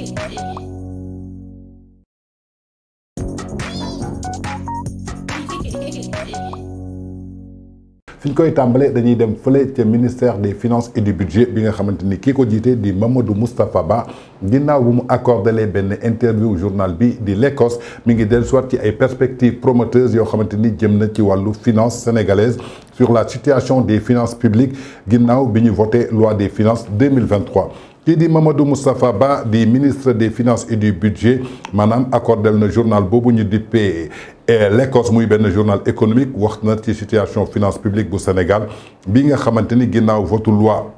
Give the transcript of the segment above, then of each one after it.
fi est koy tambalé dañuy dem feulé ca ministère des finances et du budget bi nga xamante kiko kii di Mamadou Mustapha, Ba ginnaw bu mu accordé ben interview journal bi di l'Écosse mi ngi dellu soit ci ay perspectives prometteuses yo xamante ci finance sénégalaise sur la situation des finances publiques ginnaw biñu voté loi des finances 2023 dit Mamadou Moustapha Ba ministre des finances et du budget Madame, accordel le journal du ñu et eh, l'Écosse muy journal économique wax situation finance publique au Sénégal bi nga xamante ni loi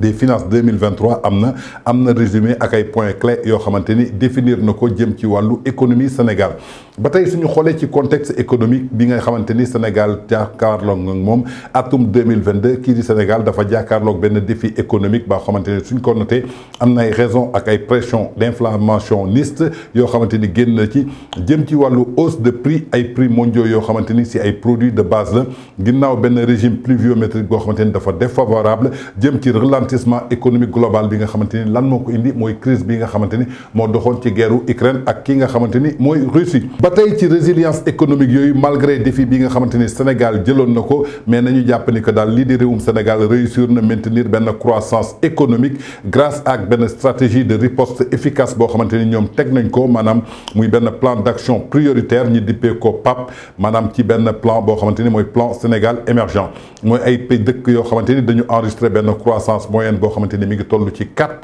des finances 2023 amna amna résumer résumé ak ay points clés yo xamanteni définir nako jëm ci walu économie Sénégal batay suñu xolé ci contexte économique bi nga xamanteni sénégal Sénégal jàkkaarloog mom atum 2022 ki di Sénégal dafa jàkkaarloog ben défi économique ba xamanteni ni suñ ko noté amna ay raisons ak ay pression d'inflationniste yoo xamante ni na ci jëm ci walu hausse de prix ay prix mondiaux yo xamanteni ci si ay produits de base la ginnaw ben régime pluviométrique boo xamanteni dafa défavorable jëm ci ralentissement économique global bi nga xamanteni lan moko indi crise bi nga xamanteni mo moo ci guerre Ukraine ak ki nga xamanteni moy Russie bataille ci résilience économique yooyu malgré défi bi nga xamanteni Sénégal de nako mais nañu jàpp ni que daal di réewum Sénégal réussir na maintenir une croissance économique grâce à ben stratégie de riposte efficace bo xamanteni ñom tek nañ ko manam muy plan d'action prioritaire ñi dippee ko PAP maanaam ci ben plan bo xamanteni moy plan Sénégal émergent moy ay pays dëkk yo xamanteni dañu enregistrer croissance moyenne bo xamanteni mi ngi tollu ci 4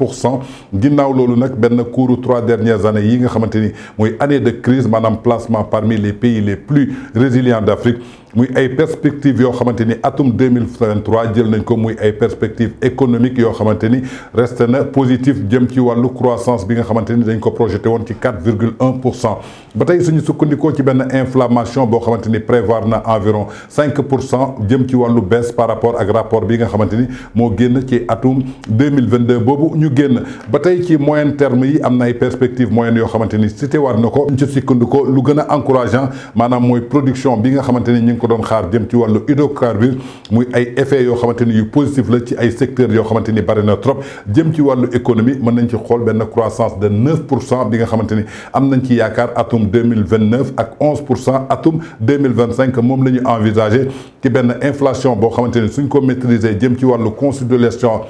ginnaw lolu nak ben nag cours trois dernières années yi nga xamanteni moy année de crise manam placement parmi les pays les plus résilients d'Afrique muy ay perspectives yo xamanteni ni atum 2023 jël nañ ko muy ay perspectives économiques yo xamanteni ni resté na positif jëm ci walu croissance bi nga xamanteni dañ ko projeté won ci 4,1 batay suñu sukkandikoo ci ben inflammation bo xamanteni prévoir na environ 5 pour jëm ci walu baisse par rapport ak rapport bi nga xamanteni mo génn ci atum 2022 bobu ñu génn batay ci moyen terme yi am na ay perspectives moyen yo xamanteni cité waat na ci sukkandikoo lu gëna encourageant manam moy production bi nga xamanteni ñu ko doon xaar jëm ci wàllu hydrocarbure muy ay effets yoo xamante ni yu positif la ci ay secteurs yoo xamante ni bari na trop jëm ci wàllu économie mën nañ ci xool benn croissance de 9 pour cent bi nga xamante ni am nañ ci yaakaar atum 2029 ak 11 pour cent atum 2025 moom la ñu envisagé ci benn inflation boo xamante ni suñ ko maîtriser jëm ci wàllu consolidation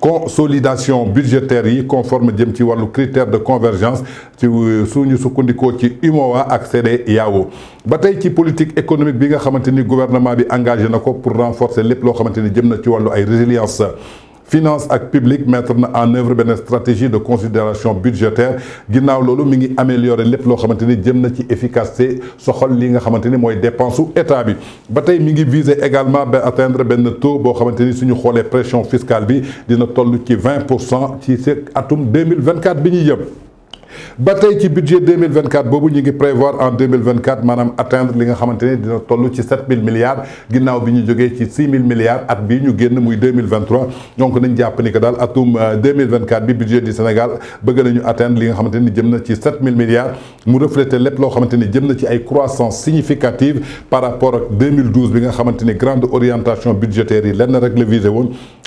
consolidation budgétaire conforme aux ci critère de convergence ci euh, suñu sukkandikoo ci UMOA ak CEDEAO politique économique bi nga gouvernement bi engagé pour renforcer les plans de résilience finance et public mettre en œuvre une stratégie de considération budgétaire qui améliore mi ngi améliorer lepp lo xamanteni efficacité li nga état viser également à atteindre le taux de xamanteni pression fiscale de dina en ci ci atum ba tey budget 2024 bobu ñu ngi prévoir en 2024 manam atteindre li nga dina ci 7000 milliards ginnaw bi ñu joggé ci 6000 milliards at bi ñu génn muy 2023 donc nañ japp ni que dal atum 2024 euh, bi budget du Sénégal bëgg nañu atteindre li nga ci 7000 milliards mu refléter lepp lo xamante jëm na ci ay croissance significative par rapport ak 2012 bi nga xamante grande orientation budgétaire yi lenn rek la visé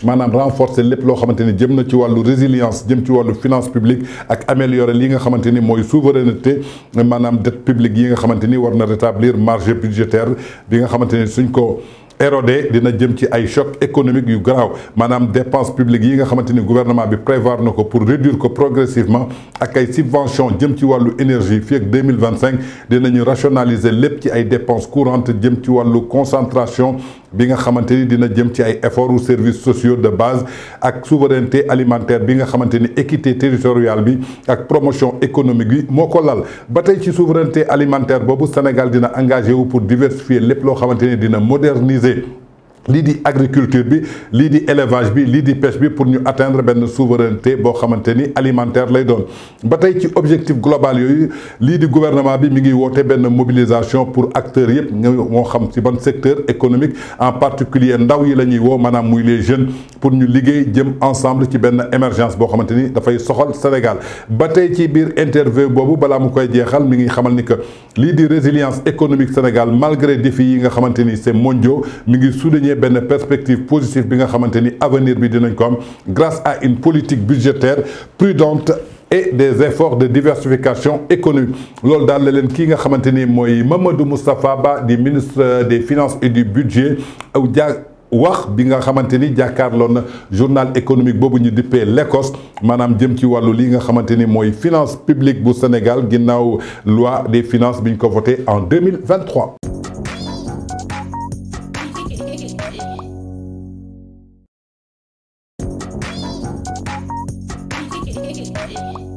renforcer lepp lo xamante jëm na ci résilience jëm ci walu finance publique ak améliorer li nga xamante ni mooy souveraineté maanaam dette publique yi nga xamante ni war na rétablir marge budgétaire bi nga xamante ni suñ ko érodé dina jëm ci ay choc économique yu Madame dépenses publiques publique yi nga prévu gouvernement prévoir pour réduire progressivement ak ay subvention jëm ci walu énergie les ak 2025 rationaliser lepp ci ay dépenses courantes jëm ci walu concentration bi nga dina jëm ci ay efforts ou services sociaux de base ak souveraineté alimentaire bi nga équité territoriale bi ak promotion économique bi moko lal batay ci souveraineté alimentaire le Sénégal dina engagé pour diversifier les plans xamante dina moderniser. girdi l'idée di agriculture bi lii di élevage bi lii di pêche bi pour ñu atteindre une souveraineté boo xamante alimentaire lay doon bataille qui ci objectif global yooyu lii di gouvernement bi mi ngi woote mobilisation pour acteurs yëpp moo xam ci ban secteur économique en particulier ndaw yi la ñuy woo muy les jeunes pour ñu liggéey jëm ensemble ci ben émergence boo xamante ni soxal Sénégal bataille ci biir interview bobu bala mu koy jéxal mi ngi xamal ni que lii di résilience économique Sénégal malgré défis yi nga xamanteni c'est mondiaux mi ngi une perspective positive bi nga ni avenir bi dinañ ko am grâce à une politique budgétaire prudente et des efforts de diversification économique loolu daal la leen kii nga xamante Mamadou Moustapha Ba ministre des finances et du budget aw wax bi nga xamanteni ni journal économique bobu ñu dippee l'Ecos manam jëm ci walu li nga xamanteni moy mooy finance bu Sénégal ginnaw loi des finances biñ ko voté en 2023 Thank you.